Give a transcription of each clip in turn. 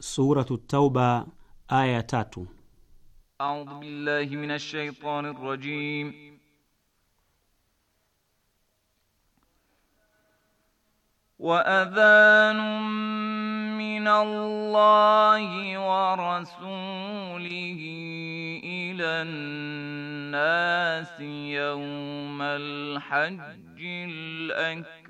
Suratu Tauba aya tatu. A'udhu billahi minash shaitani rrajim. Wa adhanun min Allahi wa rasulihi ila an-nasi yawmal hajjil akbar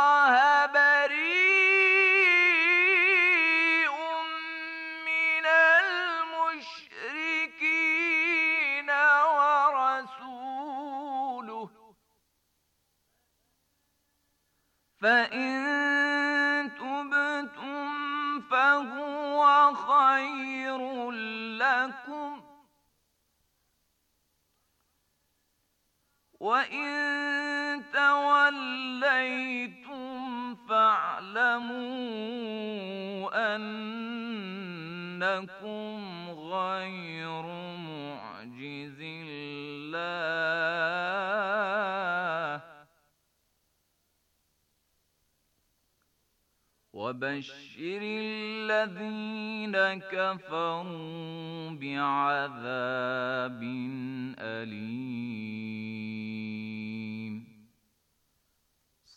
وإن توليتم فاعلموا أنكم غير الله وبشر الذين كفروا بعذاب أليم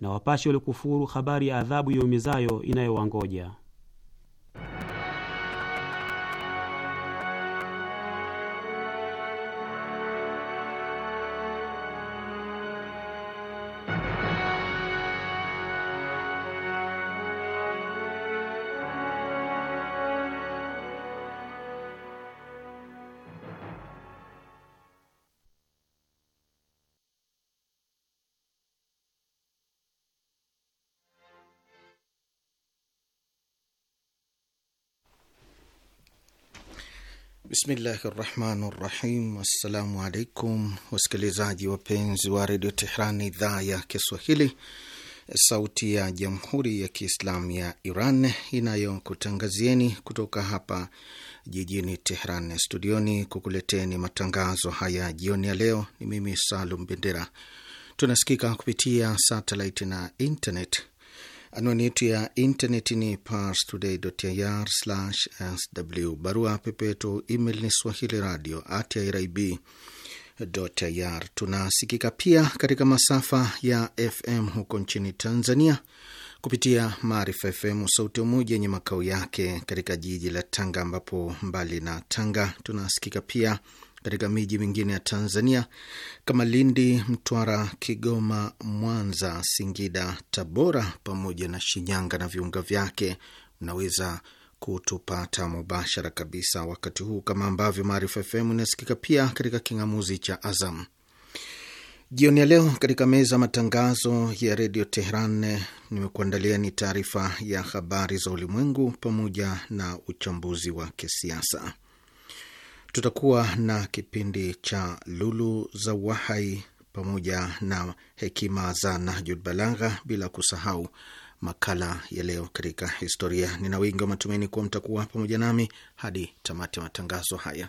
na wapashe walikufuru habari ya adhabu yaumizayo inayowangoja. Bismillahi rahmani rahim. Assalamu alaikum wasikilizaji wapenzi wa redio Tehran, idhaa ya Kiswahili, sauti ya jamhuri ya Kiislamu ya Iran inayokutangazieni kutoka hapa jijini Tehran studioni kukuleteni matangazo haya jioni ya leo. Ni mimi Salum Bendera. Tunasikika kupitia satelit na internet. Anwani yetu ya intaneti ni parstoday.ir/sw. Barua pepeto email ni swahili radio at irib Tunasikika pia katika masafa ya FM huko nchini Tanzania kupitia Maarifa FM Sauti Umoja yenye makao yake katika jiji la Tanga, ambapo mbali na Tanga tunasikika pia katika miji mingine ya Tanzania kama Lindi, Mtwara, Kigoma, Mwanza, Singida, Tabora pamoja na Shinyanga na viunga vyake. Mnaweza kutupata mubashara kabisa wakati huu kama ambavyo Maarifa FM inasikika pia katika king'amuzi cha Azam. Jioni ya leo katika meza ya matangazo ya redio Tehran nimekuandalia ni taarifa ya habari za ulimwengu pamoja na uchambuzi wa kisiasa tutakuwa na kipindi cha Lulu za Wahai pamoja na hekima za Nahjul Balagha, bila kusahau makala ya leo katika historia. Nina wingi wa matumaini kuwa mtakuwa pamoja nami hadi tamati ya matangazo haya.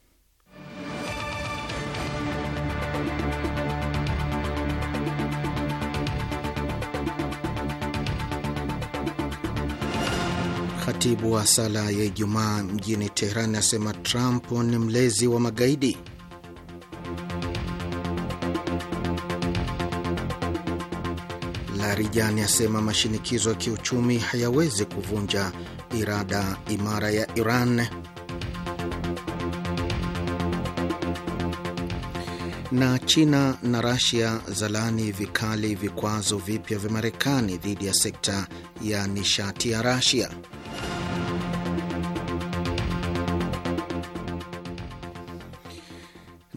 Khatibu wa sala ya Ijumaa mjini Teheran asema Trump ni mlezi wa magaidi. Larijani asema mashinikizo ya kiuchumi hayawezi kuvunja irada imara ya Iran. na China na Rasia zalani vikali vikwazo vipya vya Marekani dhidi ya sekta ya nishati ya Rasia.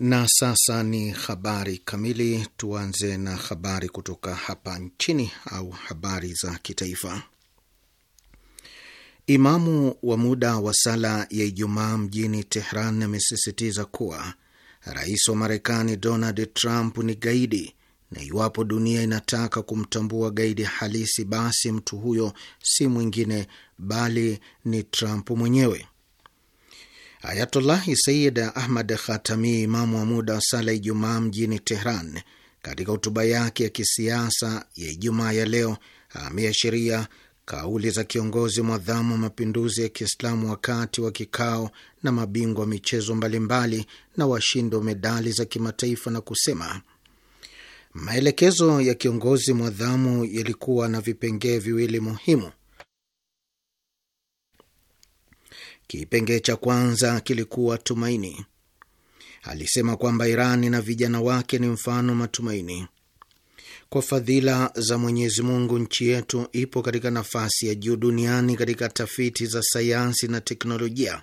Na sasa ni habari kamili. Tuanze na habari kutoka hapa nchini au habari za kitaifa. Imamu wa muda wa sala ya Ijumaa mjini Tehran amesisitiza kuwa rais wa Marekani Donald Trump ni gaidi na iwapo dunia inataka kumtambua gaidi halisi, basi mtu huyo si mwingine bali ni Trump mwenyewe. Ayatullahi Sayid Ahmad Khatami, imamu wa muda wa sala Ijumaa mjini Tehran, katika hotuba yake ya kisiasa ya Ijumaa ya leo ameashiria kauli za kiongozi mwadhamu wa mapinduzi ya Kiislamu wakati wa kikao na mabingwa wa michezo mbalimbali na washindi wa medali za kimataifa na kusema maelekezo ya kiongozi mwadhamu yalikuwa na vipengee viwili muhimu. Kipengee cha kwanza kilikuwa tumaini. Alisema kwamba Iran na vijana wake ni mfano matumaini. Kwa fadhila za Mwenyezi Mungu, nchi yetu ipo katika nafasi ya juu duniani katika tafiti za sayansi na teknolojia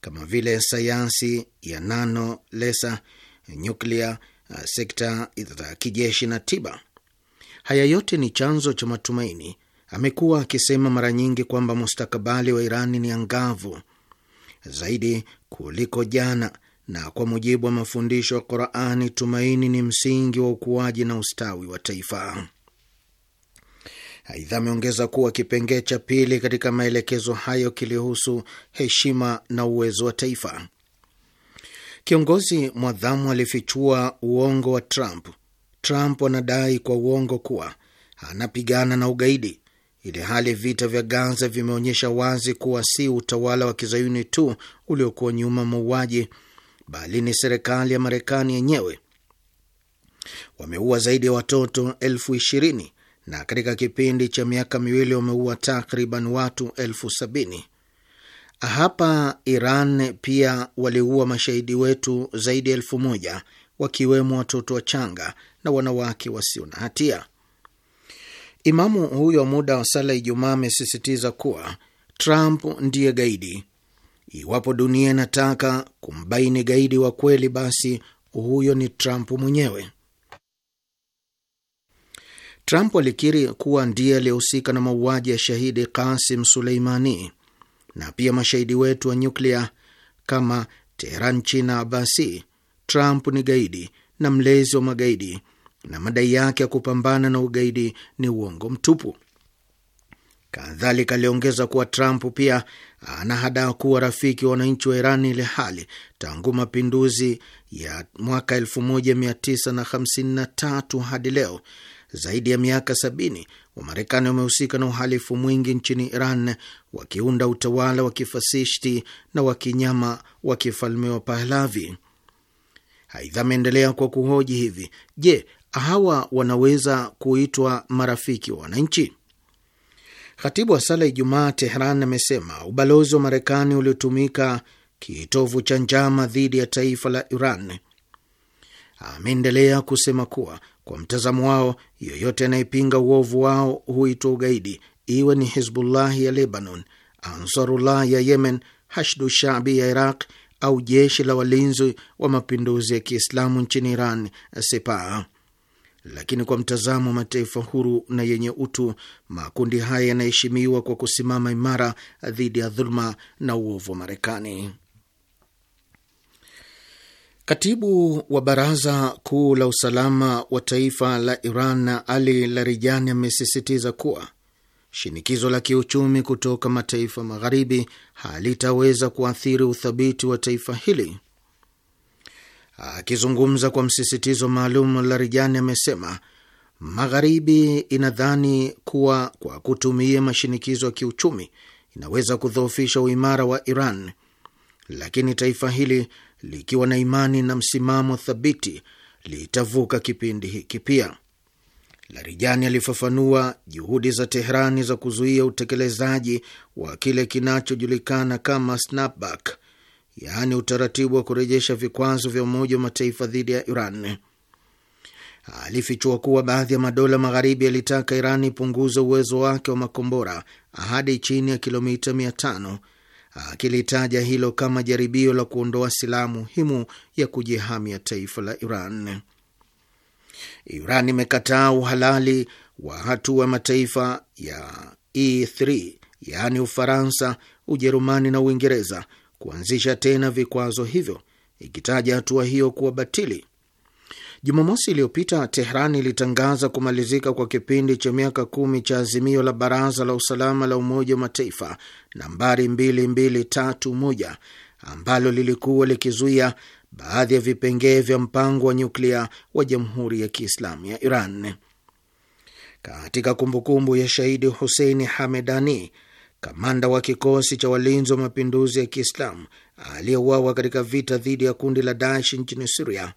kama vile sayansi ya nano, lesa, nyuklia, sekta za kijeshi na tiba. Haya yote ni chanzo cha matumaini amekuwa akisema mara nyingi kwamba mustakabali wa Iran ni angavu zaidi kuliko jana, na kwa mujibu wa mafundisho ya Qurani, tumaini ni msingi wa ukuaji na ustawi wa taifa. Aidha, ameongeza kuwa kipengee cha pili katika maelekezo hayo kilihusu heshima na uwezo wa taifa. Kiongozi mwadhamu alifichua uongo wa Trump. Trump anadai kwa uongo kuwa anapigana na ugaidi ili hali vita vya Gaza vimeonyesha wazi kuwa si utawala wa kizayuni tu uliokuwa nyuma mauaji, bali ni serikali ya Marekani yenyewe. Wameua zaidi ya watoto elfu ishirini na katika kipindi cha miaka miwili wameua takriban watu elfu sabini. Hapa Iran pia waliua mashahidi wetu zaidi ya elfu moja wakiwemo watoto wachanga na wanawake wasio na hatia. Imamu huyo muda wa sala Ijumaa amesisitiza kuwa Trump ndiye gaidi. Iwapo dunia inataka kumbaini gaidi wa kweli, basi huyo ni Trump mwenyewe. Trump alikiri kuwa ndiye aliyehusika na mauaji ya shahidi Kasim Suleimani na pia mashahidi wetu wa nyuklia kama Teheran, China, Abasi. Trump ni gaidi na mlezi wa magaidi na madai yake ya kupambana na ugaidi ni uongo mtupu. Kadhalika aliongeza kuwa Trump pia anahadaa kuwa rafiki wa wananchi wa Iran, ile hali tangu mapinduzi ya mwaka 1953 hadi leo zaidi ya miaka sabini Wamarekani wamehusika na uhalifu mwingi nchini Iran, wakiunda utawala wa kifasishti na wa kinyama wa kifalme wa Pahlavi. Aidha, ameendelea kwa kuhoji hivi: Je, hawa wanaweza kuitwa marafiki wa wananchi? Khatibu wa sala Ijumaa Tehran amesema ubalozi wa Marekani uliotumika kitovu cha njama dhidi ya taifa la Iran. Ameendelea kusema kuwa kwa mtazamo wao, yoyote anayepinga uovu wao huitwa ugaidi, iwe ni Hizbullahi ya Lebanon, Ansarullah ya Yemen, Hashdu Shabi ya Iraq au jeshi la walinzi wa mapinduzi ya Kiislamu nchini Iran, Sepah lakini kwa mtazamo wa mataifa huru na yenye utu, makundi haya yanaheshimiwa kwa kusimama imara dhidi ya dhuluma na uovu wa Marekani. Katibu wa Baraza Kuu la Usalama wa Taifa la Iran na Ali Larijani amesisitiza kuwa shinikizo la kiuchumi kutoka mataifa magharibi halitaweza kuathiri uthabiti wa taifa hili Akizungumza kwa msisitizo maalum, Larijani amesema Magharibi inadhani kuwa kwa kutumia mashinikizo ya kiuchumi inaweza kudhoofisha uimara wa Iran, lakini taifa hili likiwa na imani na msimamo thabiti litavuka kipindi hiki pia. Larijani alifafanua juhudi za Teherani za kuzuia utekelezaji wa kile kinachojulikana kama snapback yaani utaratibu wa kurejesha vikwazo vya Umoja wa Mataifa dhidi ya Iran. Alifichua kuwa baadhi ya madola magharibi yalitaka Iran ipunguze uwezo wake wa makombora hadi chini ya kilomita tano akilitaja hilo kama jaribio la kuondoa silaha muhimu ya kujihamia taifa la Iran. Iran imekataa uhalali wa hatua mataifa ya E3 yaani Ufaransa, Ujerumani na Uingereza kuanzisha tena vikwazo hivyo, ikitaja hatua hiyo kuwa batili. Jumamosi iliyopita Tehran ilitangaza kumalizika kwa kipindi cha miaka kumi cha azimio la Baraza la Usalama la Umoja wa Mataifa nambari 2231 ambalo lilikuwa likizuia baadhi ya vipengee vya mpango wa nyuklia wa Jamhuri ya Kiislamu ya Iran. Katika kumbukumbu ya shahidi Huseini Hamedani, kamanda wa kikosi cha walinzi wa mapinduzi ya Kiislamu aliyeuawa katika vita dhidi ya kundi la Daesh nchini Siria,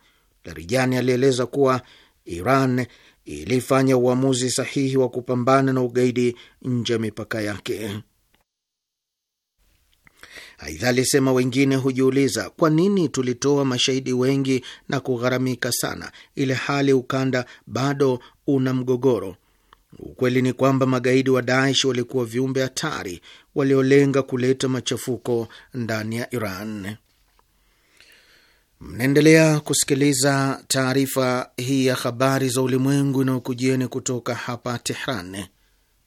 Larijani alieleza kuwa Iran ilifanya uamuzi sahihi wa kupambana na ugaidi nje ya mipaka yake. Aidha alisema wengine hujiuliza kwa nini tulitoa mashahidi wengi na kugharamika sana, ile hali ukanda bado una mgogoro Ukweli ni kwamba magaidi wa Daesh walikuwa viumbe hatari waliolenga kuleta machafuko ndani ya Iran. Mnaendelea kusikiliza taarifa hii ya habari za ulimwengu inayokujieni kutoka hapa Tehran,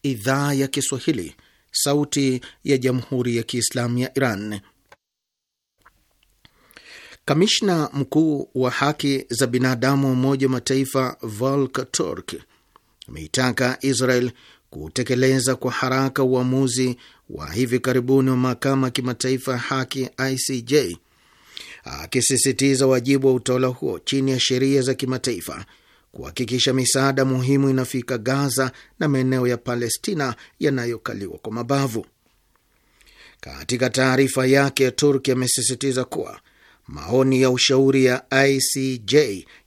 idhaa ya Kiswahili, sauti ya jamhuri ya kiislamu ya Iran. Kamishna mkuu wa haki za binadamu wa Umoja wa Mataifa Volker Turk ameitaka Israel kutekeleza kwa haraka uamuzi wa hivi karibuni wa mahakama ya kimataifa ya haki ICJ, akisisitiza wajibu wa utawala huo chini ya sheria za kimataifa kuhakikisha misaada muhimu inafika Gaza na maeneo ya Palestina yanayokaliwa kwa mabavu. Katika taarifa yake, Turki amesisitiza kuwa Maoni ya ushauri ya ICJ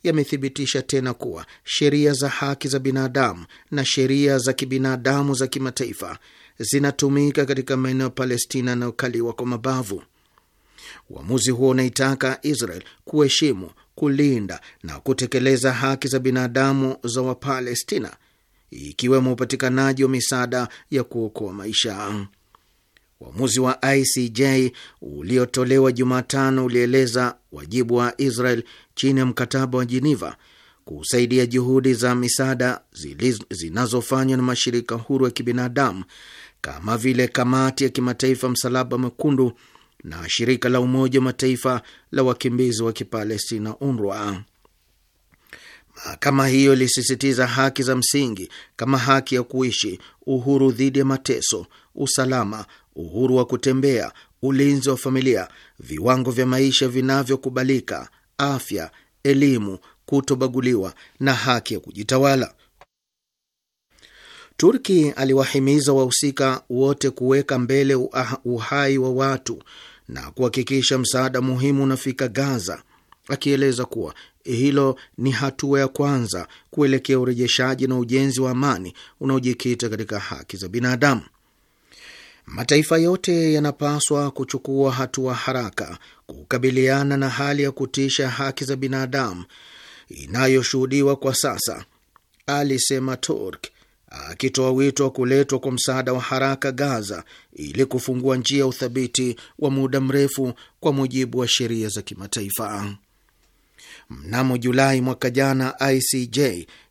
yamethibitisha tena kuwa sheria za haki za binadamu na sheria za kibinadamu za kimataifa zinatumika katika maeneo ya Palestina yanayokaliwa kwa mabavu. Uamuzi huo unaitaka Israel kuheshimu, kulinda na kutekeleza haki za binadamu za Wapalestina, ikiwemo upatikanaji wa misaada ya kuokoa maisha. Uamuzi wa ICJ uliotolewa Jumatano ulieleza wajibu wa Israel chini ya mkataba wa Jeneva kusaidia juhudi za misaada zinazofanywa na mashirika huru ya kibinadamu kama vile Kamati ya Kimataifa Msalaba Mwekundu na shirika la Umoja wa Mataifa la wakimbizi wa Kipalestina, UNRWA. Mahakama hiyo ilisisitiza haki za msingi kama haki ya kuishi, uhuru dhidi ya mateso, usalama, uhuru wa kutembea, ulinzi wa familia, viwango vya maisha vinavyokubalika, afya, elimu, kutobaguliwa na haki ya kujitawala. Turki aliwahimiza wahusika wote kuweka mbele uhai wa watu na kuhakikisha msaada muhimu unafika Gaza, akieleza kuwa hilo ni hatua ya kwanza kuelekea urejeshaji na ujenzi wa amani unaojikita katika haki za binadamu. Mataifa yote yanapaswa kuchukua hatua haraka kukabiliana na hali ya kutisha haki za binadamu inayoshuhudiwa kwa sasa, alisema Turk akitoa wito wa kuletwa kwa msaada wa haraka Gaza ili kufungua njia ya uthabiti wa muda mrefu kwa mujibu wa sheria za kimataifa. Mnamo Julai mwaka jana, ICJ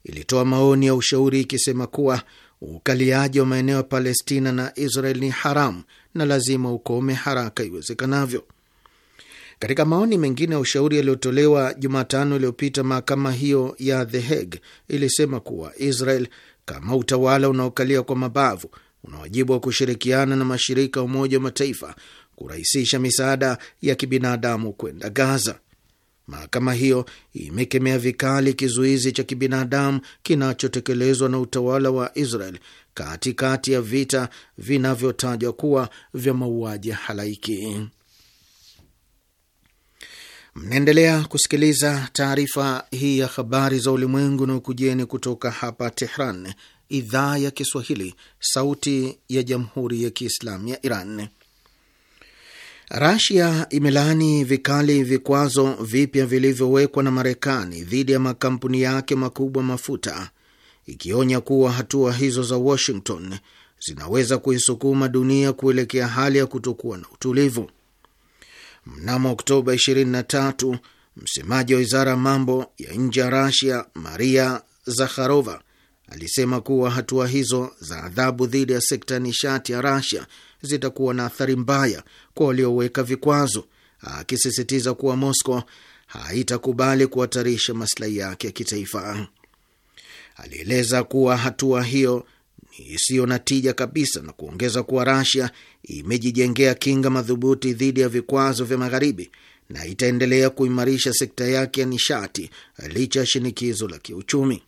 ilitoa maoni ya ushauri ikisema kuwa Ukaliaji wa maeneo ya Palestina na Israel ni haramu na lazima ukome haraka iwezekanavyo. Katika maoni mengine ya ushauri yaliyotolewa Jumatano iliyopita, mahakama hiyo ya The Hague ilisema kuwa Israel kama utawala unaokalia kwa mabavu una wajibu wa kushirikiana na mashirika ya Umoja wa Mataifa kurahisisha misaada ya kibinadamu kwenda Gaza. Mahakama hiyo imekemea vikali kizuizi cha kibinadamu kinachotekelezwa na utawala wa Israel katikati kati ya vita vinavyotajwa kuwa vya mauaji halaiki. Mnaendelea kusikiliza taarifa hii ya habari za ulimwengu na ukujeni kutoka hapa Tehran, idhaa ya Kiswahili, sauti ya jamhuri ya kiislamu ya Iran. Rasia imelaani vikali vikwazo vipya vilivyowekwa na Marekani dhidi ya makampuni yake makubwa mafuta, ikionya kuwa hatua hizo za Washington zinaweza kuisukuma dunia kuelekea hali ya kutokuwa na utulivu. Mnamo Oktoba 23, msemaji wa wizara ya mambo ya nje ya Rasia Maria Zakharova alisema kuwa hatua hizo za adhabu dhidi ya sekta nishati ya Rasia zitakuwa na athari mbaya kwa walioweka vikwazo, akisisitiza kuwa Moscow haitakubali kuhatarisha maslahi yake ya kitaifa. Alieleza kuwa hatua hiyo ni isiyo na tija kabisa na kuongeza kuwa Rasia imejijengea kinga madhubuti dhidi ya vikwazo vya Magharibi na itaendelea kuimarisha sekta yake ya nishati licha ya shinikizo la kiuchumi.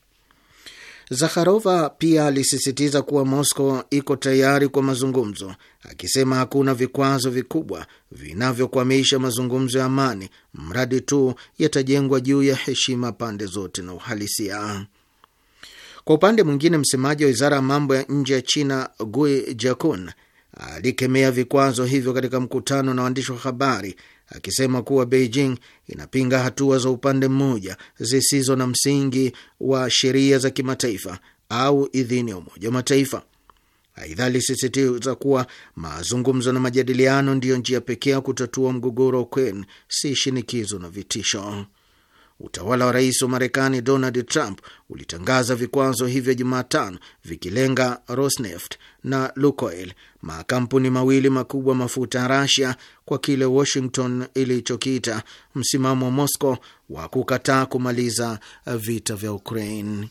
Zakharova pia alisisitiza kuwa Moscow iko tayari kwa mazungumzo, akisema hakuna vikwazo vikubwa vinavyokwamisha mazungumzo ya amani, mradi tu yatajengwa juu ya heshima pande zote na uhalisia. Kwa upande mwingine, msemaji wa wizara ya mambo ya nje ya China Gui Jiakun alikemea vikwazo hivyo katika mkutano na waandishi wa habari akisema kuwa Beijing inapinga hatua za upande mmoja zisizo na msingi wa sheria za kimataifa au idhini ya Umoja wa Mataifa. Aidha, alisisitiza kuwa mazungumzo na majadiliano ndiyo njia pekee ya kutatua mgogoro wa Ukraine, si shinikizo na vitisho. Utawala wa rais wa Marekani Donald Trump ulitangaza vikwazo hivyo Jumatano, vikilenga Rosneft na Lukoil, makampuni mawili makubwa mafuta ya Rasia, kwa kile Washington ilichokiita msimamo wa Moscow wa kukataa kumaliza vita vya Ukraine.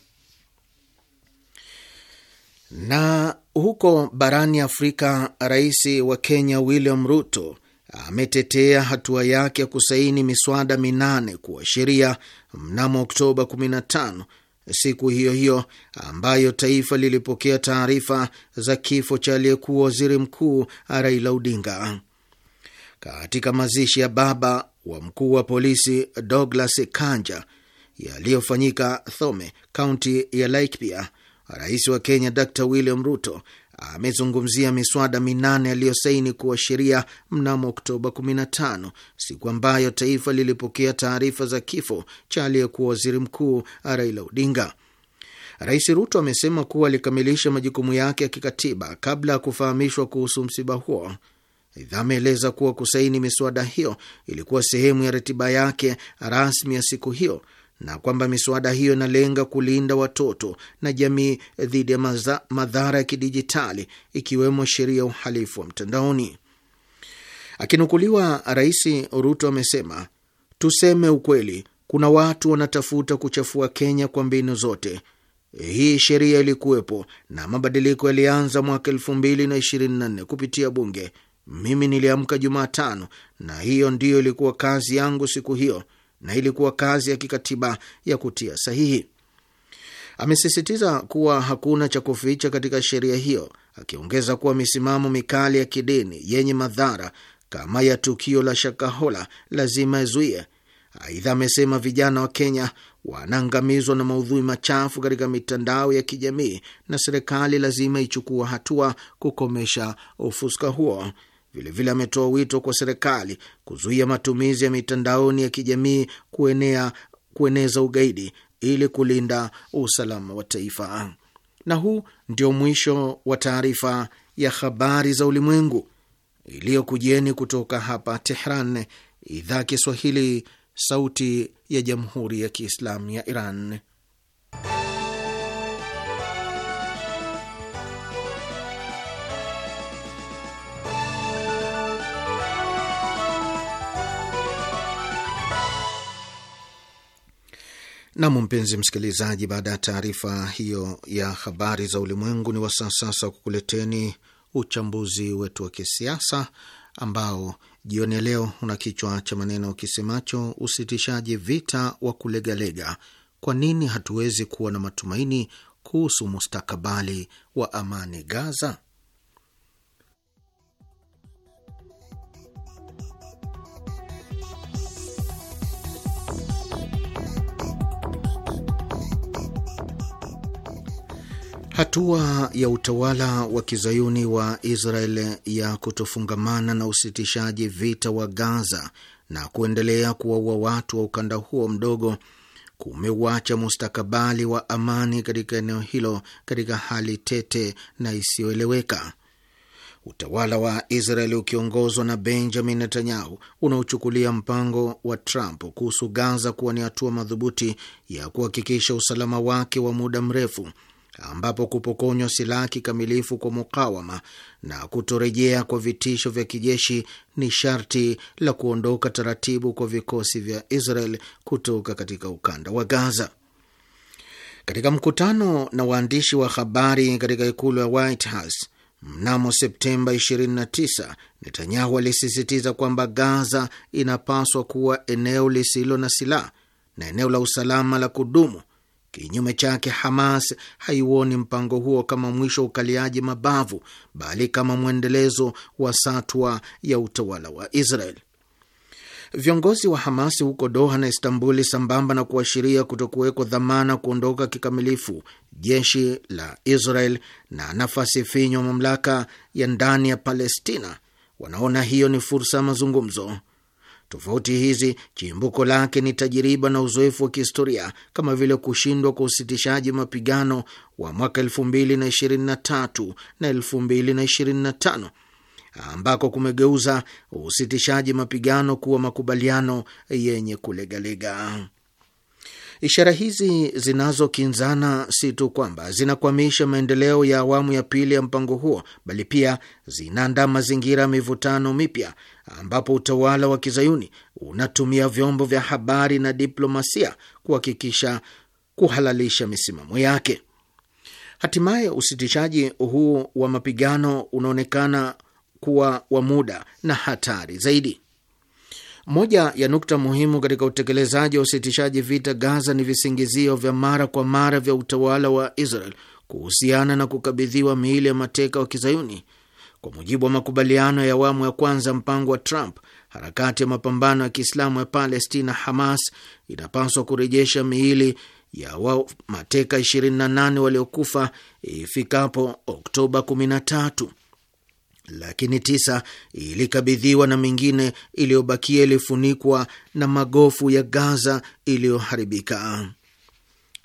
Na huko barani Afrika, rais wa Kenya William Ruto ametetea hatua yake ya kusaini miswada minane kuwa sheria mnamo Oktoba 15, siku hiyo hiyo ambayo taifa lilipokea taarifa za kifo cha aliyekuwa waziri mkuu Raila Odinga. Katika mazishi ya baba wa mkuu wa polisi Douglas Kanja yaliyofanyika Thome, kaunti ya Laikipia, rais wa Kenya Dr William Ruto amezungumzia miswada minane aliyosaini kuwa sheria mnamo Oktoba 15, siku ambayo taifa lilipokea taarifa za kifo cha aliyekuwa waziri mkuu Raila Odinga. Rais Ruto amesema kuwa alikamilisha majukumu yake ya kikatiba kabla ya kufahamishwa kuhusu msiba huo. Aidha, ameeleza kuwa kusaini miswada hiyo ilikuwa sehemu ya ratiba yake rasmi ya siku hiyo na kwamba miswada hiyo inalenga kulinda watoto na jamii dhidi ya madhara ya kidijitali ikiwemo sheria ya uhalifu wa mtandaoni. Akinukuliwa, Rais Ruto amesema, tuseme ukweli, kuna watu wanatafuta kuchafua Kenya kwa mbinu zote. Hii sheria ilikuwepo na mabadiliko yalianza mwaka elfu mbili na ishirini na nne kupitia Bunge. Mimi niliamka Jumatano na hiyo ndiyo ilikuwa kazi yangu siku hiyo na ilikuwa kazi ya kikatiba ya kutia sahihi. Amesisitiza kuwa hakuna cha kuficha katika sheria hiyo, akiongeza kuwa misimamo mikali ya kidini yenye madhara kama ya tukio la Shakahola lazima izuie. Aidha, amesema vijana wa Kenya wanaangamizwa na maudhui machafu katika mitandao ya kijamii na serikali lazima ichukua hatua kukomesha ufuska huo. Vilevile ametoa wito kwa serikali kuzuia matumizi ya mitandaoni ya kijamii kuenea, kueneza ugaidi ili kulinda usalama wa taifa. Na huu ndio mwisho wa taarifa ya habari za ulimwengu iliyokujieni kutoka hapa Tehran, idhaa Kiswahili, sauti ya jamhuri ya kiislamu ya Iran. Nam, mpenzi msikilizaji, baada ya taarifa hiyo ya habari za ulimwengu, ni wasaa sasa kukuleteni uchambuzi wetu wa kisiasa ambao jioni ya leo una kichwa cha maneno kisemacho usitishaji vita wa kulegalega, kwa nini hatuwezi kuwa na matumaini kuhusu mustakabali wa amani Gaza? Hatua ya utawala wa kizayuni wa Israel ya kutofungamana na usitishaji vita wa Gaza na kuendelea kuwaua watu wa ukanda huo mdogo kumeuacha mustakabali wa amani katika eneo hilo katika hali tete na isiyoeleweka. Utawala wa Israel ukiongozwa na Benjamin Netanyahu unaochukulia mpango wa Trump kuhusu Gaza kuwa ni hatua madhubuti ya kuhakikisha usalama wake wa muda mrefu ambapo kupokonywa silaha kikamilifu kwa mukawama na kutorejea kwa vitisho vya kijeshi ni sharti la kuondoka taratibu kwa vikosi vya Israel kutoka katika ukanda wa Gaza. Katika mkutano na waandishi wa habari katika ikulu ya White House mnamo Septemba 29, Netanyahu alisisitiza kwamba Gaza inapaswa kuwa eneo lisilo na silaha na eneo la usalama la kudumu Kinyume chake, Hamas haiuoni mpango huo kama mwisho wa ukaliaji mabavu, bali kama mwendelezo wa satwa ya utawala wa Israel. Viongozi wa Hamasi huko Doha na Istanbuli, sambamba na kuashiria kutokuwekwa dhamana kuondoka kikamilifu jeshi la Israel na nafasi finyo mamlaka ya ndani ya Palestina, wanaona hiyo ni fursa ya mazungumzo. Tofauti hizi chimbuko lake ni tajiriba na uzoefu wa kihistoria kama vile kushindwa kwa usitishaji mapigano wa mwaka 2023 na 2025 ambako kumegeuza usitishaji mapigano kuwa makubaliano yenye kulegalega. Ishara hizi zinazokinzana si tu kwamba zinakwamisha maendeleo ya awamu ya pili ya mpango huo, bali pia zinaandaa mazingira ya mivutano mipya ambapo utawala wa kizayuni unatumia vyombo vya habari na diplomasia kuhakikisha kuhalalisha misimamo yake. Hatimaye usitishaji huu wa mapigano unaonekana kuwa wa muda na hatari zaidi. Moja ya nukta muhimu katika utekelezaji wa usitishaji vita Gaza ni visingizio vya mara kwa mara vya utawala wa Israel kuhusiana na kukabidhiwa miili ya mateka wa Kizayuni. Kwa mujibu wa makubaliano ya awamu ya kwanza mpango wa Trump, harakati ya mapambano ya Kiislamu ya Palestina, Hamas, inapaswa kurejesha miili ya wa mateka 28 waliokufa ifikapo Oktoba 13 lakini tisa ilikabidhiwa na mingine iliyobakia ilifunikwa na magofu ya Gaza iliyoharibika.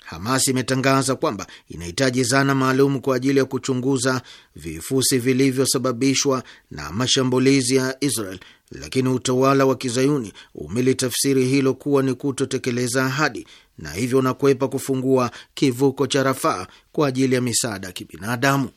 Hamas imetangaza kwamba inahitaji zana maalum kwa ajili ya kuchunguza vifusi vilivyosababishwa na mashambulizi ya Israel, lakini utawala wa kizayuni umelitafsiri hilo kuwa ni kutotekeleza ahadi na hivyo unakwepa kufungua kivuko cha Rafaa kwa ajili ya misaada ya kibinadamu.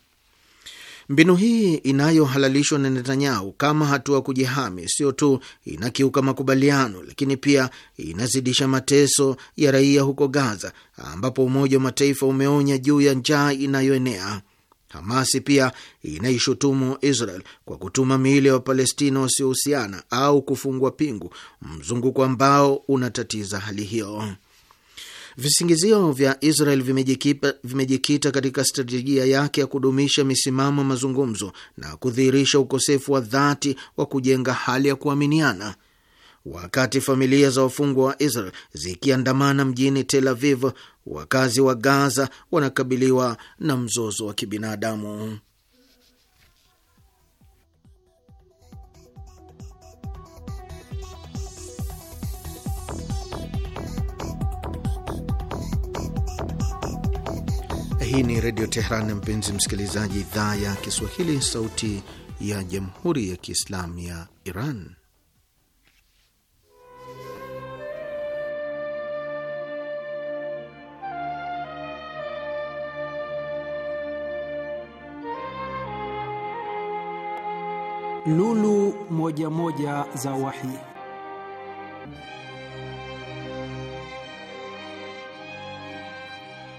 Mbinu hii inayohalalishwa na Netanyahu kama hatua kujihami sio tu inakiuka makubaliano, lakini pia inazidisha mateso ya raia huko Gaza, ambapo Umoja wa Mataifa umeonya juu ya njaa inayoenea. Hamasi pia inaishutumu Israel kwa kutuma miili ya Wapalestina wasiohusiana au kufungwa pingu, mzunguko ambao unatatiza hali hiyo. Visingizio vya Israel vimejikita katika strategia yake ya kudumisha misimamo ya mazungumzo na kudhihirisha ukosefu wa dhati wa kujenga hali ya kuaminiana. Wakati familia za wafungwa wa Israel zikiandamana mjini Tel Aviv, wakazi wa Gaza wanakabiliwa na mzozo wa kibinadamu. Hii ni Redio Tehran, mpenzi msikilizaji, idhaa ya Kiswahili, sauti ya Jamhuri ya Kiislamu ya Iran. Lulu moja moja za Wahi.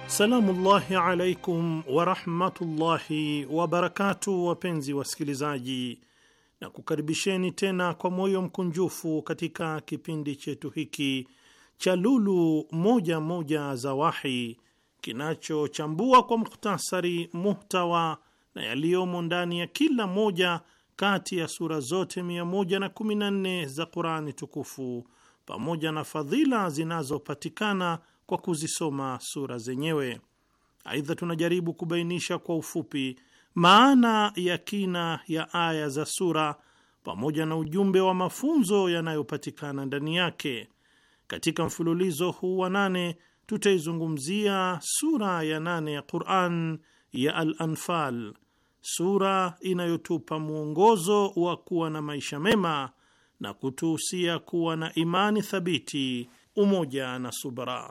Salamullahi alaikum warahmatullahi wabarakatu, wapenzi wasikilizaji, na kukaribisheni tena kwa moyo mkunjufu katika kipindi chetu hiki cha Lulu Moja Moja za Wahi kinachochambua kwa mukhtasari muhtawa na yaliyomo ndani ya kila moja kati ya sura zote 114 za Qurani tukufu pamoja na fadhila zinazopatikana kwa kuzisoma sura zenyewe. Aidha, tunajaribu kubainisha kwa ufupi maana ya kina ya aya za sura pamoja na ujumbe wa mafunzo yanayopatikana ndani yake. Katika mfululizo huu wa nane tutaizungumzia sura ya nane ya Quran ya Al-Anfal, sura inayotupa mwongozo wa kuwa na maisha mema na kutuhusia kuwa na imani thabiti umoja na subra.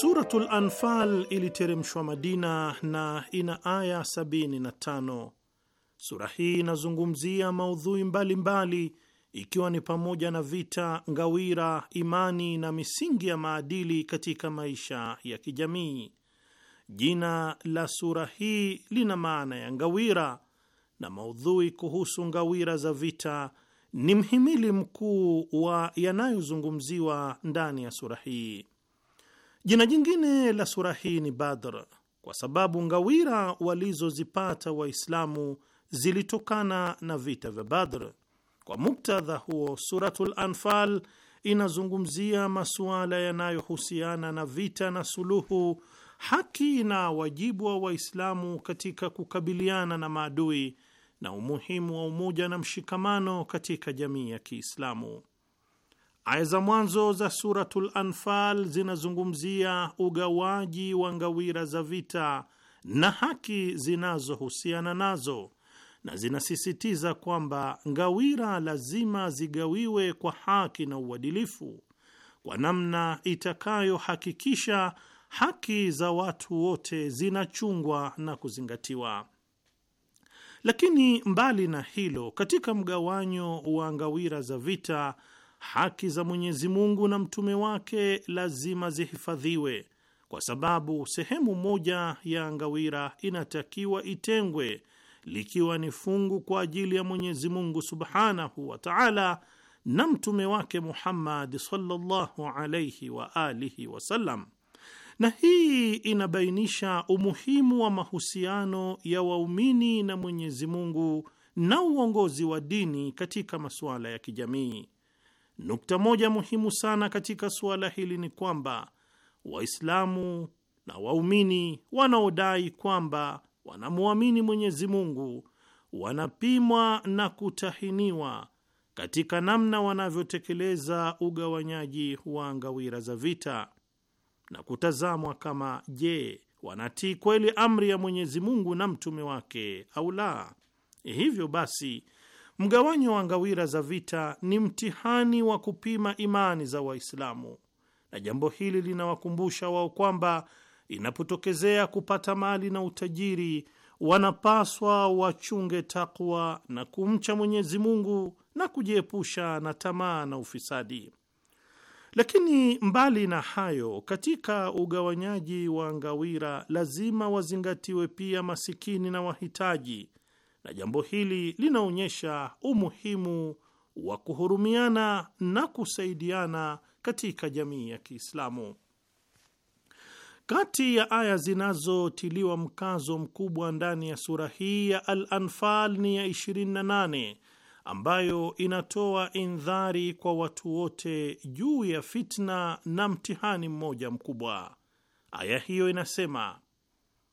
Suratul Anfal iliteremshwa Madina na ina aya 75. Sura hii inazungumzia maudhui mbalimbali mbali ikiwa ni pamoja na vita, ngawira, imani na misingi ya maadili katika maisha ya kijamii. Jina la sura hii lina maana ya ngawira na maudhui kuhusu ngawira za vita ni mhimili mkuu wa yanayozungumziwa ndani ya sura hii. Jina jingine la sura hii ni Badr kwa sababu ngawira walizozipata Waislamu zilitokana na vita vya Badr. Kwa muktadha huo, Suratul Anfal inazungumzia masuala yanayohusiana na vita na suluhu, haki na wajibu wa Waislamu katika kukabiliana na maadui na umuhimu wa umoja na mshikamano katika jamii ya Kiislamu. Aya za mwanzo za Suratul Anfal zinazungumzia ugawaji wa ngawira za vita na haki zinazohusiana nazo na zinasisitiza kwamba ngawira lazima zigawiwe kwa haki na uadilifu kwa namna itakayohakikisha haki za watu wote zinachungwa na kuzingatiwa. Lakini mbali na hilo, katika mgawanyo wa ngawira za vita, haki za Mwenyezi Mungu na mtume wake lazima zihifadhiwe, kwa sababu sehemu moja ya ngawira inatakiwa itengwe likiwa ni fungu kwa ajili ya Mwenyezi Mungu subhanahu wa taala na mtume wake Muhammad sallallahu alayhi wa alihi wasallam. Na hii inabainisha umuhimu wa mahusiano ya waumini na Mwenyezi Mungu na uongozi wa dini katika masuala ya kijamii. Nukta moja muhimu sana katika suala hili ni kwamba Waislamu na waumini wanaodai kwamba wanamwamini Mwenyezi Mungu, wanapimwa na kutahiniwa katika namna wanavyotekeleza ugawanyaji wa ngawira za vita na kutazamwa kama, je, wanatii kweli amri ya Mwenyezi Mungu na mtume wake au la? Hivyo basi mgawanyo wa ngawira za vita ni mtihani wa kupima imani za Waislamu, na jambo hili linawakumbusha wao kwamba inapotokezea kupata mali na utajiri, wanapaswa wachunge takwa na kumcha Mwenyezi Mungu na kujiepusha na tamaa na ufisadi. Lakini mbali na hayo, katika ugawanyaji wa ngawira lazima wazingatiwe pia masikini na wahitaji, na jambo hili linaonyesha umuhimu wa kuhurumiana na kusaidiana katika jamii ya Kiislamu. Kati ya aya zinazotiliwa mkazo mkubwa ndani ya sura hii ya Al-Anfal ni ya 28 ambayo inatoa indhari kwa watu wote juu ya fitna na mtihani mmoja mkubwa. Aya hiyo inasema,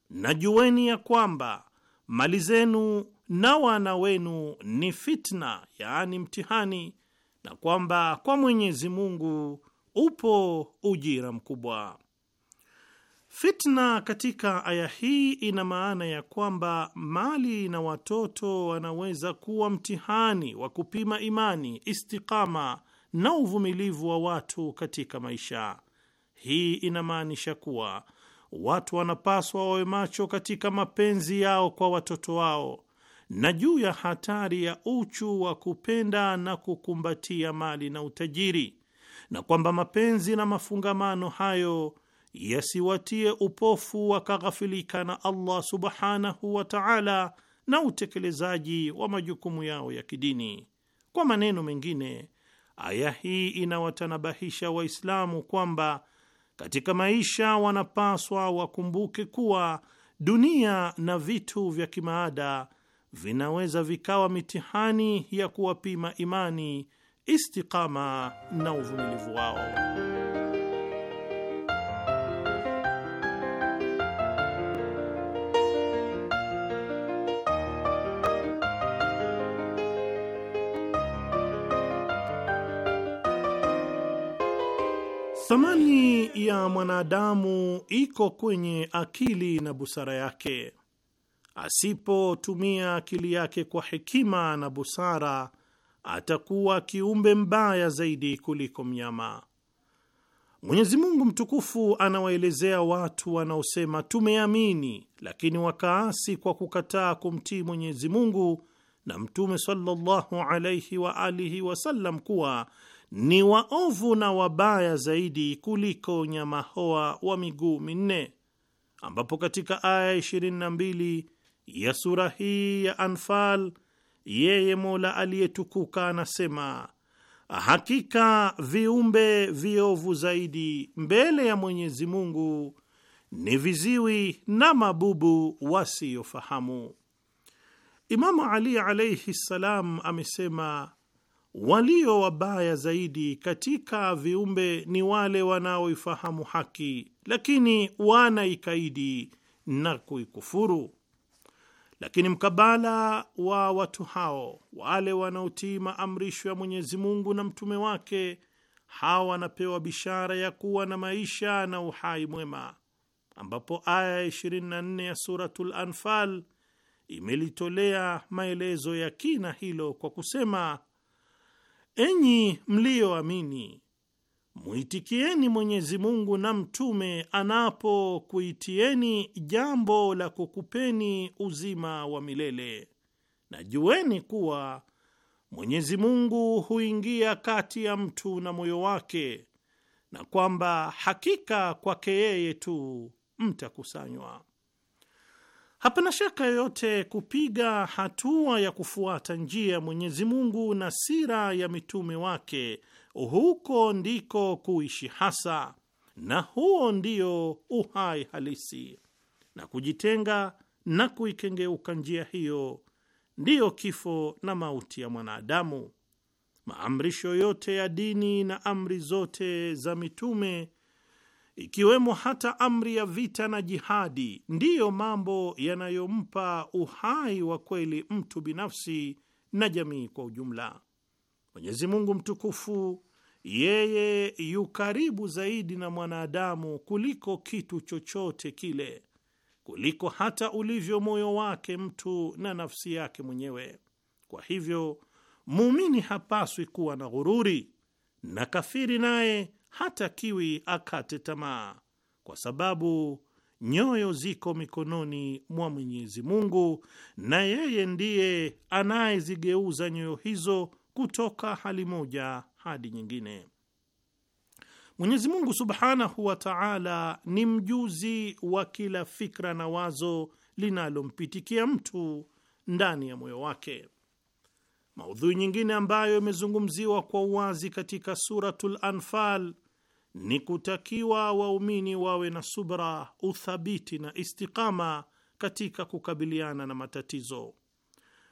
najueni ya kwamba mali zenu na wana wenu ni fitna, yaani mtihani, na kwamba kwa Mwenyezi Mungu upo ujira mkubwa. Fitna katika aya hii ina maana ya kwamba mali na watoto wanaweza kuwa mtihani wa kupima imani, istikama na uvumilivu wa watu katika maisha. Hii inamaanisha kuwa watu wanapaswa wawe macho katika mapenzi yao kwa watoto wao na juu ya hatari ya uchu wa kupenda na kukumbatia mali na utajiri, na kwamba mapenzi na mafungamano hayo yasiwatie upofu wakaghafilika na Allah subhanahu wa ta'ala na utekelezaji wa majukumu yao ya kidini. Kwa maneno mengine, aya hii inawatanabahisha Waislamu kwamba katika maisha wanapaswa wakumbuke kuwa dunia na vitu vya kimaada vinaweza vikawa mitihani ya kuwapima imani, istikama na uvumilivu wao. Thamani ya mwanadamu iko kwenye akili na busara yake. Asipotumia akili yake kwa hekima na busara, atakuwa kiumbe mbaya zaidi kuliko mnyama. Mwenyezi Mungu mtukufu anawaelezea watu wanaosema tumeamini, lakini wakaasi kwa kukataa kumtii Mwenyezi Mungu na Mtume sallallahu alaihi wa alihi wasallam kuwa ni waovu na wabaya zaidi kuliko nyama hoa wa miguu minne, ambapo katika aya 22 ya sura hii ya Anfal yeye Mola aliyetukuka anasema, hakika viumbe viovu zaidi mbele ya Mwenyezi Mungu ni viziwi na mabubu wasiyofahamu. Imamu Ali alaihi ssalam amesema Walio wabaya zaidi katika viumbe ni wale wanaoifahamu haki, lakini wanaikaidi na kuikufuru. Lakini mkabala wa watu hao, wale wanaotii maamrisho ya Mwenyezi Mungu na mtume wake, hawa wanapewa bishara ya kuwa na maisha na uhai mwema, ambapo aya ya 24 ya Suratul Anfal imelitolea maelezo ya kina hilo kwa kusema Enyi mliyoamini, mwitikieni Mwenyezi Mungu na mtume anapokuitieni jambo la kukupeni uzima wa milele, na jueni kuwa Mwenyezi Mungu huingia kati ya mtu na moyo wake, na kwamba hakika kwake yeye tu mtakusanywa. Hapana shaka yoyote kupiga hatua ya kufuata njia ya Mwenyezi Mungu na sira ya mitume wake, huko ndiko kuishi hasa, na huo ndio uhai halisi, na kujitenga na kuikengeuka njia hiyo ndiyo kifo na mauti ya mwanadamu. Maamrisho yote ya dini na amri zote za mitume ikiwemo hata amri ya vita na jihadi, ndiyo mambo yanayompa uhai wa kweli mtu binafsi na jamii kwa ujumla. Mwenyezi Mungu mtukufu yeye yu karibu zaidi na mwanadamu kuliko kitu chochote kile, kuliko hata ulivyo moyo wake mtu na nafsi yake mwenyewe. Kwa hivyo muumini hapaswi kuwa na ghururi, na kafiri naye hata kiwi akate tamaa, kwa sababu nyoyo ziko mikononi mwa Mwenyezi Mungu, na yeye ndiye anayezigeuza nyoyo hizo kutoka hali moja hadi nyingine. Mwenyezi Mungu subhanahu wa taala ni mjuzi wa kila fikra na wazo linalompitikia mtu ndani ya moyo wake. Maudhui nyingine ambayo imezungumziwa kwa uwazi katika Suratul Anfal ni kutakiwa waumini wawe na subra, uthabiti na istikama katika kukabiliana na matatizo.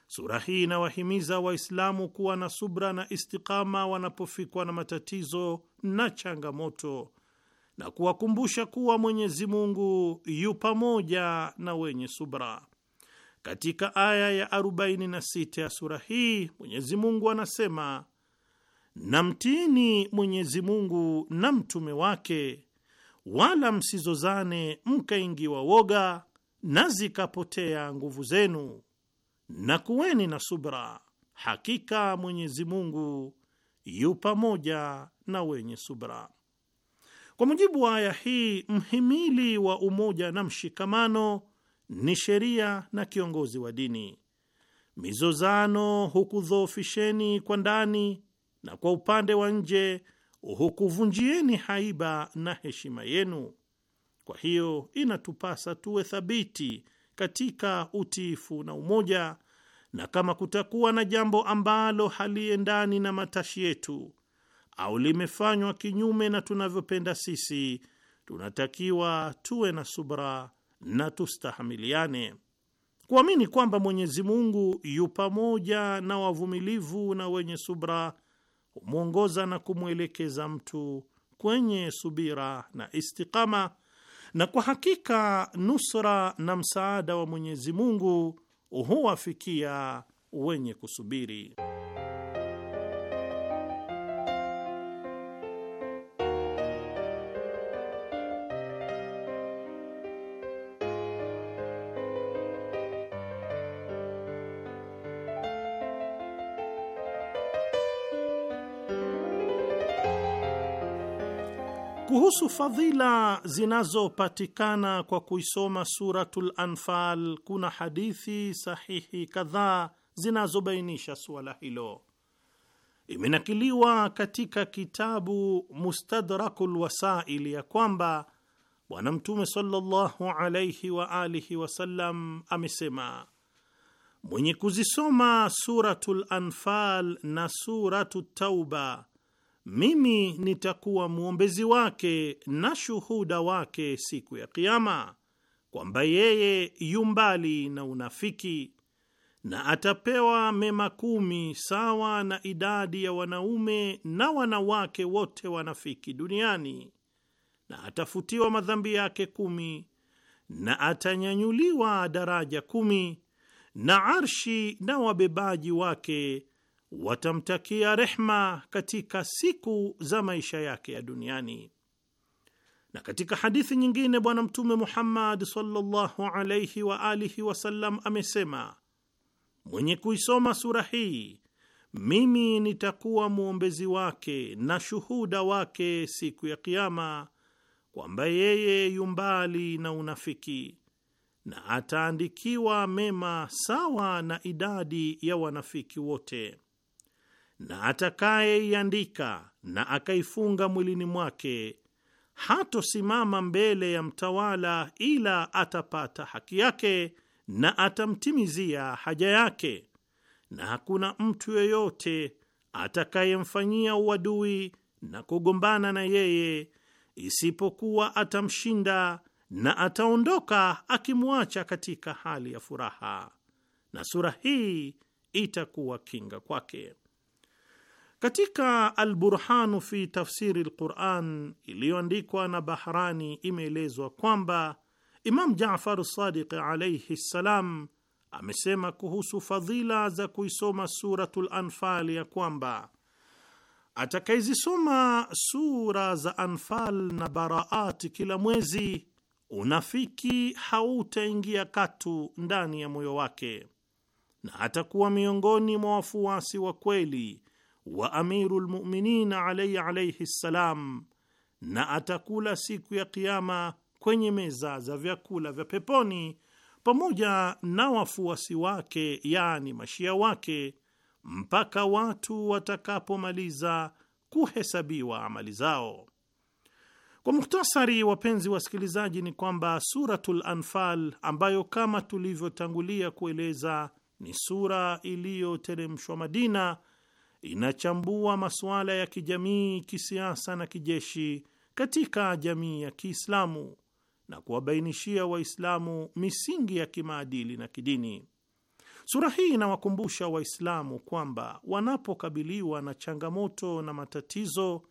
Sura hii inawahimiza Waislamu kuwa na subra na istikama wanapofikwa na matatizo na changamoto na kuwakumbusha kuwa Mwenyezi Mungu yu pamoja na wenye subra. Katika aya ya 46 ya sura hii Mwenyezi Mungu anasema: na mtiini Mwenyezi Mungu na mtume wake, wala msizozane mkaingiwa woga na zikapotea nguvu zenu, na kuweni na subra. Hakika Mwenyezi Mungu yu pamoja na wenye subra. Kwa mujibu wa aya hii, mhimili wa umoja na mshikamano ni sheria na kiongozi wa dini. Mizozano hukudhoofisheni kwa ndani na kwa upande wa nje hukuvunjieni haiba na heshima yenu. Kwa hiyo inatupasa tuwe thabiti katika utiifu na umoja, na kama kutakuwa na jambo ambalo haliendani na matashi yetu au limefanywa kinyume na tunavyopenda sisi, tunatakiwa tuwe na subra na tustahamiliane. Kuamini kwamba Mwenyezi Mungu yu pamoja na wavumilivu na wenye subra humwongoza na kumwelekeza mtu kwenye subira na istikama, na kwa hakika nusra na msaada wa Mwenyezi Mungu huwafikia wenye kusubiri. Kuhusu fadhila zinazopatikana kwa kuisoma Suratul Anfal, kuna hadithi sahihi kadhaa zinazobainisha suala hilo. Imenakiliwa katika kitabu Mustadrakul Wasaili ya kwamba Bwana Mtume sallallahu alaihi wa alihi wasallam amesema, mwenye kuzisoma Suratul Anfal na Suratu Tauba mimi nitakuwa mwombezi wake na shuhuda wake siku ya Kiama, kwamba yeye yumbali na unafiki na atapewa mema kumi sawa na idadi ya wanaume na wanawake wote wanafiki duniani, na atafutiwa madhambi yake kumi na atanyanyuliwa daraja kumi na arshi na wabebaji wake watamtakia rehma katika siku za maisha yake ya duniani. Na katika hadithi nyingine Bwana Mtume Muhammad sallallahu alayhi wa alihi wasallam amesema, mwenye kuisoma sura hii mimi nitakuwa mwombezi wake na shuhuda wake siku ya Kiama kwamba yeye yumbali na unafiki na ataandikiwa mema sawa na idadi ya wanafiki wote na atakayeiandika na akaifunga mwilini mwake hatosimama mbele ya mtawala ila atapata haki yake na atamtimizia haja yake, na hakuna mtu yeyote atakayemfanyia uadui na kugombana na yeye isipokuwa atamshinda na ataondoka akimwacha katika hali ya furaha, na sura hii itakuwa kinga kwake. Katika Alburhanu fi tafsiri lquran iliyoandikwa na Bahrani imeelezwa kwamba Imam Jafar Sadiq alaihi ssalam amesema kuhusu fadhila za kuisoma Suratu Lanfal ya kwamba atakayezisoma sura za Anfal na Baraati kila mwezi, unafiki hautaingia katu ndani ya moyo wake na atakuwa miongoni mwa wafuasi wa kweli wa Amiru lmuminin Ali alaihi ssalam, na atakula siku ya Kiama kwenye meza za vyakula vya peponi pamoja na wafuasi wake, yani mashia wake, mpaka watu watakapomaliza kuhesabiwa amali zao. Kwa muhtasari, wapenzi wasikilizaji, ni kwamba Suratul Anfal ambayo kama tulivyotangulia kueleza ni sura iliyoteremshwa Madina inachambua masuala ya kijamii, kisiasa na kijeshi katika jamii ya Kiislamu na kuwabainishia Waislamu misingi ya kimaadili na kidini. Sura hii inawakumbusha Waislamu kwamba wanapokabiliwa na changamoto na matatizo,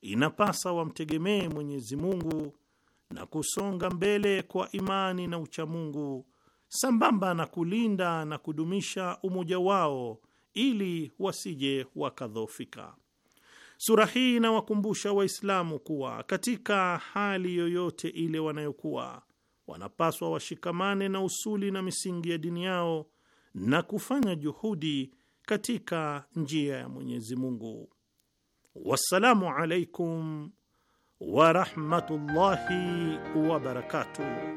inapasa wamtegemee Mwenyezi Mungu na kusonga mbele kwa imani na uchamungu, sambamba na kulinda na kudumisha umoja wao ili wasije wakadhofika. Sura hii inawakumbusha Waislamu kuwa katika hali yoyote ile wanayokuwa, wanapaswa washikamane na usuli na misingi ya dini yao na kufanya juhudi katika njia ya Mwenyezi Mungu. Wassalamu alaikum warahmatullahi wabarakatuh.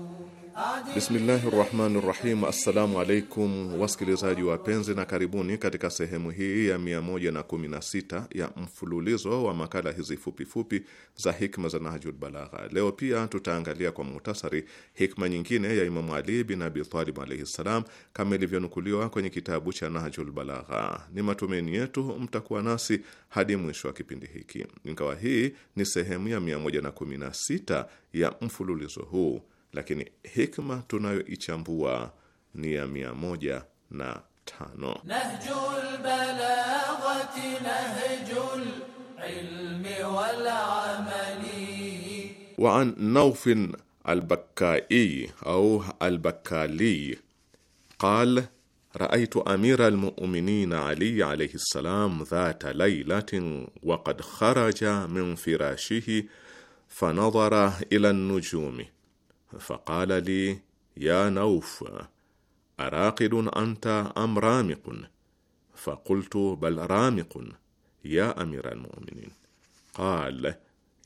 Bismillahi rahmani rahim. Assalamu alaikum wasikilizaji wapenzi, na karibuni katika sehemu hii ya 116 ya mfululizo wa makala hizi fupifupi za hikma za Nahjul Balagha. Leo pia tutaangalia kwa muhtasari hikma nyingine ya Imamu Ali bin Abi Talib alaihi ssalam, kama ilivyonukuliwa kwenye kitabu cha Nahjul Balagha. Ni matumaini yetu mtakuwa nasi hadi mwisho wa kipindi hiki, ingawa hii ni sehemu ya 116 ya mfululizo huu. lakini hikma tunayoichambua ni ya mia moja na tano. Nahjul balaghati nahjul ilmi wal amali wa an Naufin Albakai au Albakali qal Raaitu amira almuminin Ali alayhi salam dhata lailatin wa qad kharaja min firashihi fanadhara ila nujumi فقال لي يا نوف أراقد أنت أم رامق فقلت بل رامق يا أمير المؤمنين قال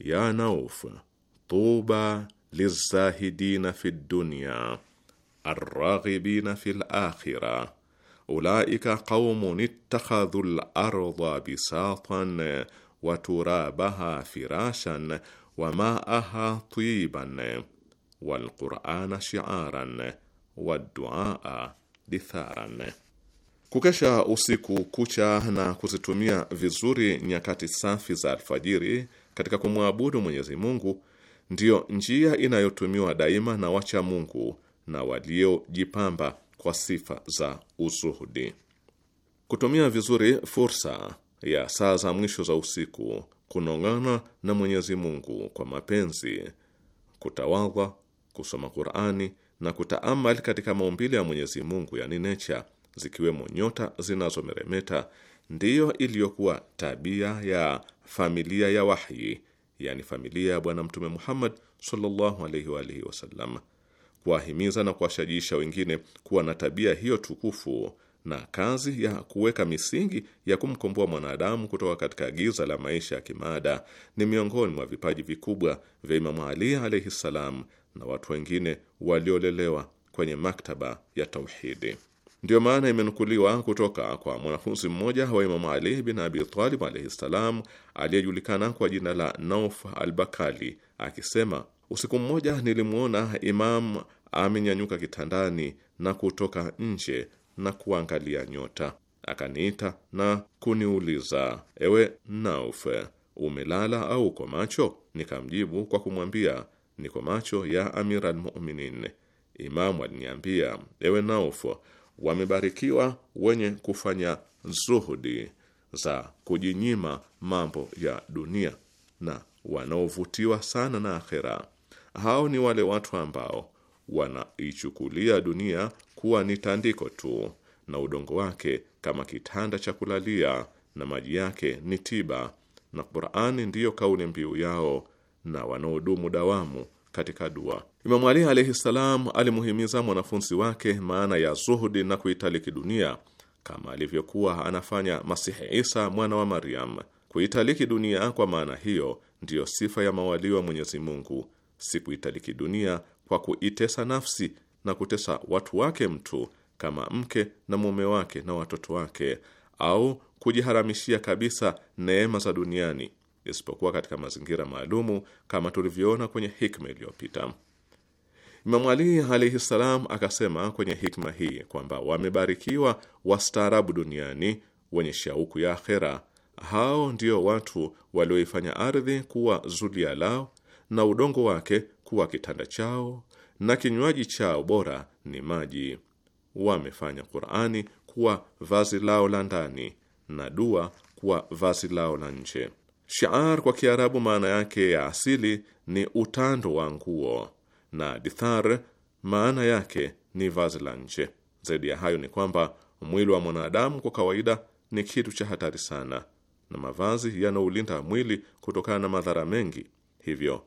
يا نوف طوبى للزاهدين في الدنيا الراغبين في الآخرة أولئك قوم اتخذوا الأرض بساطا وترابها فراشا وماءها طيبا walqurana shiaran waduaa ditharan, kukesha usiku kucha na kuzitumia vizuri nyakati safi za alfajiri katika kumwabudu Mwenyezi Mungu ndiyo njia inayotumiwa daima na wacha Mungu na waliojipamba kwa sifa za uzuhudi. Kutumia vizuri fursa ya saa za mwisho za usiku, kunong'ana na Mwenyezi Mungu kwa mapenzi, kutawadha kusoma Qur'ani na kutaamal katika maumbile ya Mwenyezi Mungu, yani nature, zikiwemo nyota zinazomeremeta, ndiyo iliyokuwa tabia ya familia ya wahyi, yani familia ya Bwana Mtume Muhammad sallallahu alaihi wa alihi wasallam. Kuwahimiza na kuwashajiisha wengine kuwa na tabia hiyo tukufu na kazi ya kuweka misingi ya kumkomboa mwanadamu kutoka katika giza la maisha ya kimaada ni miongoni mwa vipaji vikubwa vya Imamu Ali alaihi ssalam na watu wengine waliolelewa kwenye maktaba ya tauhidi. Ndiyo maana imenukuliwa kutoka kwa mwanafunzi mmoja wa Imamu Ali bin Abi Talib alaihi ssalam, aliyejulikana kwa jina la Nauf al Bakali akisema, usiku mmoja nilimwona Imam amenyanyuka kitandani na kutoka nje na kuangalia nyota. Akaniita na kuniuliza, ewe Nauf, umelala au uko macho? Nikamjibu kwa kumwambia ni kwa macho ya Amir Almuminin. Imamu aliniambia, ewe Naufu, wamebarikiwa wenye kufanya zuhudi za kujinyima mambo ya dunia na wanaovutiwa sana na akhera. Hao ni wale watu ambao wanaichukulia dunia kuwa ni tandiko tu na udongo wake kama kitanda cha kulalia na maji yake ni tiba, na Qur'ani ndiyo kauli mbiu yao na wanaodumu dawamu katika dua. Imamu Ali alaihi ssalam alimuhimiza mwanafunzi wake maana ya zuhudi na kuitaliki dunia kama alivyokuwa anafanya Masihi Isa mwana wa Maryam. Kuitaliki dunia kwa maana hiyo ndiyo sifa ya mawalii wa Mwenyezi Mungu, si kuitaliki dunia kwa kuitesa nafsi na kutesa watu wake, mtu kama mke na mume wake na watoto wake, au kujiharamishia kabisa neema za duniani isipokuwa katika mazingira maalumu kama tulivyoona kwenye hikma iliyopita. Imamu Ali alaihi ssalam akasema kwenye hikma hii kwamba wamebarikiwa wastaarabu duniani wenye shauku ya akhera. Hao ndio watu walioifanya ardhi kuwa zulia lao na udongo wake kuwa kitanda chao na kinywaji chao bora ni maji. Wamefanya Qur'ani kuwa vazi lao la ndani na dua kuwa vazi lao la nje. Shiar kwa Kiarabu maana yake ya asili ni utando wa nguo na dithar maana yake ni vazi la nje. Zaidi ya hayo ni kwamba mwili wa mwanadamu kwa kawaida ni kitu cha hatari sana, na mavazi yanaulinda mwili kutokana na madhara mengi. Hivyo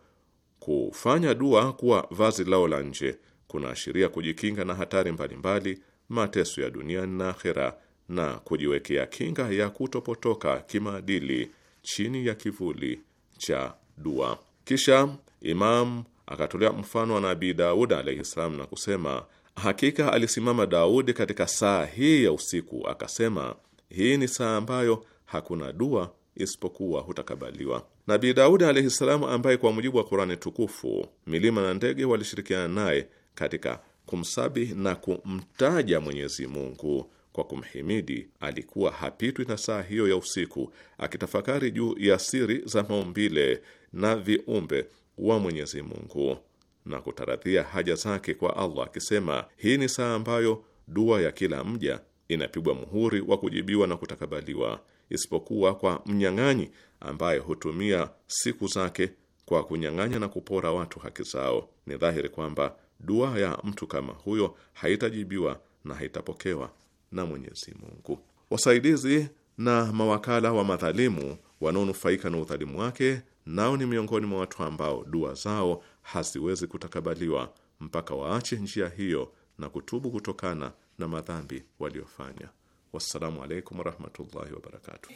kufanya dua kuwa vazi lao la nje kunaashiria kujikinga na hatari mbalimbali, mateso ya duniani na akhera, na kujiwekea kinga ya kutopotoka kimaadili chini ya kivuli cha dua. Kisha Imam akatolea mfano wa Nabii daudi alaihi salam na kusema, hakika alisimama Daudi katika saa hii ya usiku akasema, hii ni saa ambayo hakuna dua isipokuwa hutakabaliwa. Nabii Daudi alaihi salam, ambaye kwa mujibu wa Qurani tukufu milima na ndege walishirikiana naye katika kumsabi na kumtaja Mwenyezi Mungu kwa kumhimidi. Alikuwa hapitwi na saa hiyo ya usiku akitafakari juu ya siri za maumbile na viumbe wa Mwenyezi Mungu na kutaradhia haja zake kwa Allah akisema, hii ni saa ambayo dua ya kila mja inapigwa muhuri wa kujibiwa na kutakabaliwa, isipokuwa kwa mnyang'anyi ambaye hutumia siku zake kwa kunyang'anya na kupora watu haki zao. Ni dhahiri kwamba dua ya mtu kama huyo haitajibiwa na haitapokewa na Mwenyezi Mungu. Wasaidizi na mawakala wa madhalimu wanaonufaika na udhalimu wake nao ni miongoni mwa watu ambao dua zao haziwezi kutakabaliwa mpaka waache njia hiyo na kutubu kutokana na madhambi waliofanya. Wassalamu alaikum warahmatullahi wabarakatuh.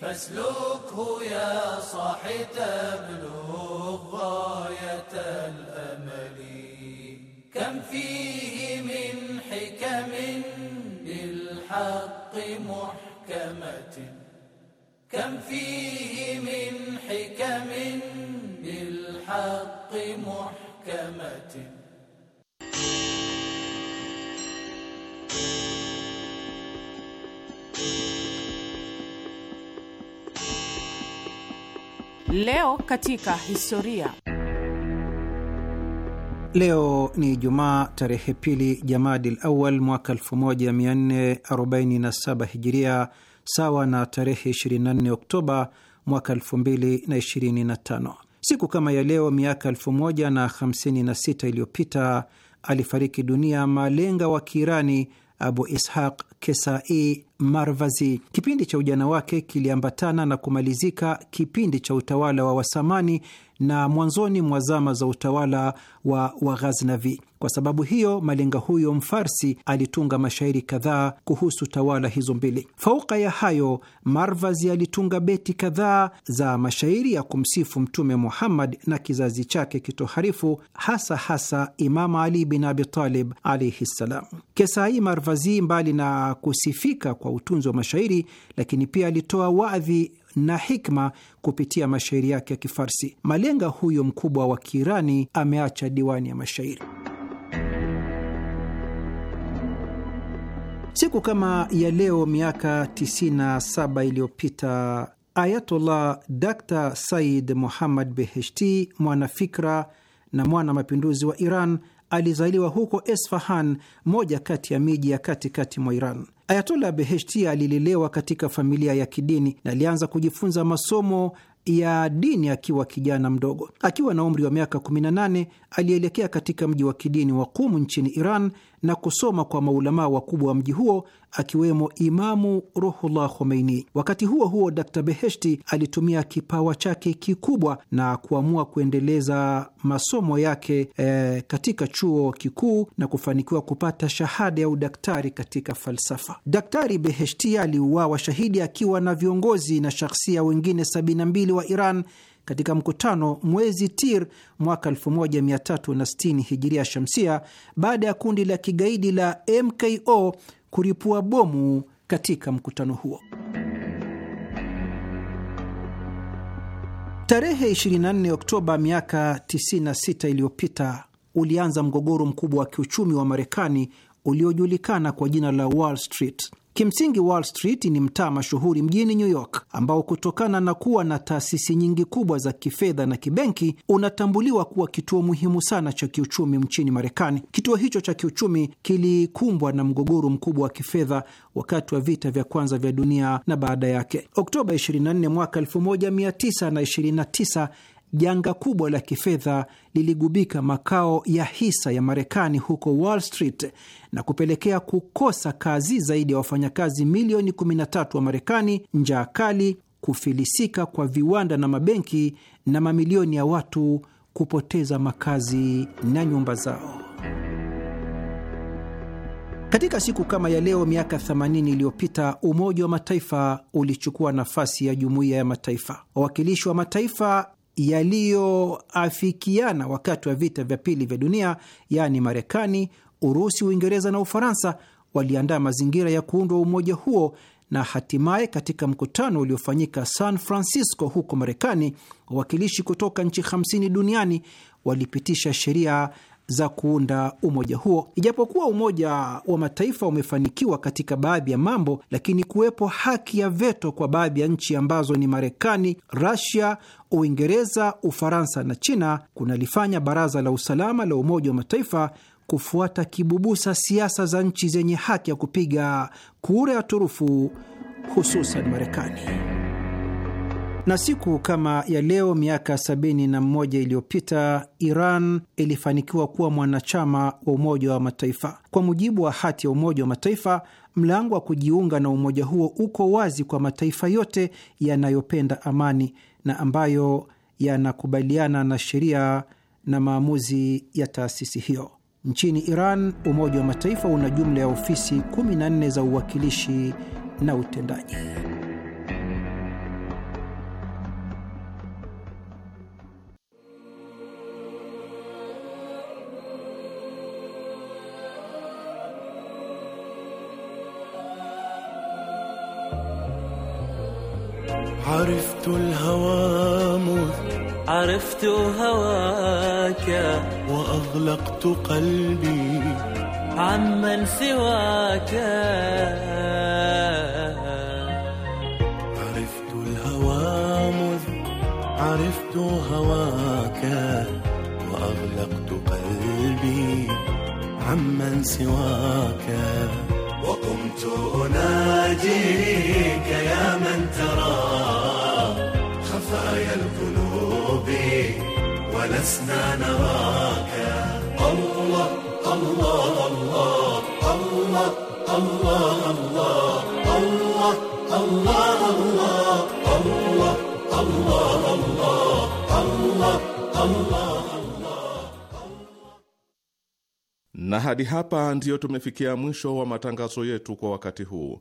الحق محكمة كم فيه من حكم للحق محكمة Leo katika historia. Leo ni Jumaa tarehe pili Jamadil Awal mwaka 1447 Hijiria, sawa na tarehe 24 Oktoba mwaka 2025. Siku kama ya leo miaka 1056 iliyopita alifariki dunia malenga wa Kiirani Abu Ishaq Kesai Marvazi. Kipindi cha ujana wake kiliambatana na kumalizika kipindi cha utawala wa Wasamani na mwanzoni mwa zama za utawala wa Waghaznavi. Kwa sababu hiyo malenga huyo Mfarsi alitunga mashairi kadhaa kuhusu tawala hizo mbili. Fauka ya hayo, Marvazi alitunga beti kadhaa za mashairi ya kumsifu Mtume Muhammad na kizazi chake kitoharifu, hasa hasa Imamu Ali bin Abitalib alaihi ssalam. Kesai Marvazi, mbali na kusifika kwa utunzi wa mashairi, lakini pia alitoa wadhi na hikma kupitia mashairi yake ya Kifarsi. Malenga huyo mkubwa wa Kiirani ameacha diwani ya mashairi. Siku kama ya leo miaka 97 iliyopita Ayatollah Dr Said Muhammad Beheshti, mwanafikra na mwana mapinduzi wa Iran, alizaliwa huko Esfahan, moja kati ya miji ya katikati mwa Iran. Ayatollah Beheshti alilelewa katika familia ya kidini na alianza kujifunza masomo ya dini akiwa kijana mdogo. Akiwa na umri wa miaka 18 alielekea katika mji wa kidini wa Kumu nchini Iran na kusoma kwa maulamaa wakubwa wa mji huo akiwemo Imamu Ruhullah Khomeini. Wakati huo huo, Dr Beheshti alitumia kipawa chake kikubwa na kuamua kuendeleza masomo yake e, katika chuo kikuu na kufanikiwa kupata shahada ya udaktari katika falsafa. Daktari Beheshti aliuawa shahidi akiwa na viongozi na shakhsia wengine 72 wa Iran katika mkutano mwezi Tir mwaka 1360 hijiria shamsia, baada ya kundi la kigaidi la MKO kuripua bomu katika mkutano huo. Tarehe 24 Oktoba miaka 96 iliyopita ulianza mgogoro mkubwa wa kiuchumi wa Marekani uliojulikana kwa jina la Wall Street. Kimsingi, Wall Street ni mtaa mashuhuri mjini New York ambao kutokana na kuwa na taasisi nyingi kubwa za kifedha na kibenki unatambuliwa kuwa kituo muhimu sana cha kiuchumi nchini Marekani. Kituo hicho cha kiuchumi kilikumbwa na mgogoro mkubwa wa kifedha wakati wa vita vya kwanza vya dunia na baada yake. Oktoba 24 mwaka 1929 janga kubwa la kifedha liligubika makao ya hisa ya Marekani huko Wall Street na kupelekea kukosa kazi zaidi ya wafanyakazi milioni 13 wa Marekani, njaa kali, kufilisika kwa viwanda na mabenki, na mamilioni ya watu kupoteza makazi na nyumba zao. Katika siku kama ya leo miaka 80 iliyopita Umoja wa Mataifa ulichukua nafasi ya Jumuiya ya Mataifa. Wawakilishi wa mataifa yaliyoafikiana wakati wa vita vya pili vya dunia, yaani Marekani, Urusi, Uingereza na Ufaransa waliandaa mazingira ya kuundwa umoja huo na hatimaye katika mkutano uliofanyika San Francisco huko Marekani, wawakilishi kutoka nchi 50 duniani walipitisha sheria za kuunda umoja huo. Ijapokuwa Umoja wa Mataifa umefanikiwa katika baadhi ya mambo, lakini kuwepo haki ya veto kwa baadhi ya nchi ambazo ni Marekani, Rasia, Uingereza, Ufaransa na China kunalifanya Baraza la Usalama la Umoja wa Mataifa kufuata kibubusa siasa za nchi zenye haki ya kupiga kura ya turufu, hususan Marekani. Na siku kama ya leo miaka 71 iliyopita Iran ilifanikiwa kuwa mwanachama wa Umoja wa Mataifa. Kwa mujibu wa hati ya Umoja wa Mataifa, mlango wa kujiunga na umoja huo uko wazi kwa mataifa yote yanayopenda amani na ambayo yanakubaliana na sheria na maamuzi ya taasisi hiyo. Nchini Iran, Umoja wa Mataifa una jumla ya ofisi 14 za uwakilishi na utendaji. عرفت الهوى مذ عرفت هواك وأغلقت قلبي عمن سواك عرفت الهوى مذ عرفت هواك وأغلقت قلبي عمن سواك وقمت أناجيك يا من تراك خزايا القلوب ولسنا نراك الله الله الله الله الله الله الله الله الله الله الله الله الله الله na hadi hapa ndiyo tumefikia mwisho wa matangazo yetu kwa wakati huu.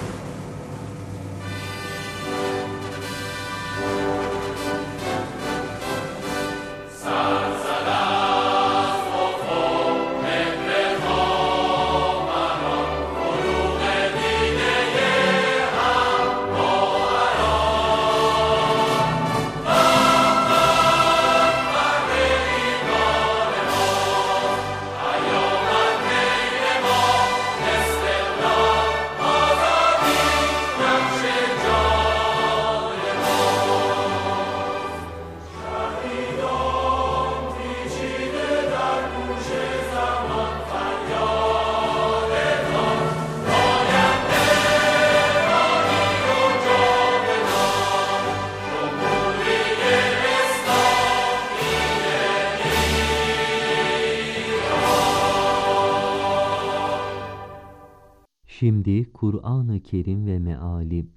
kerim ve meali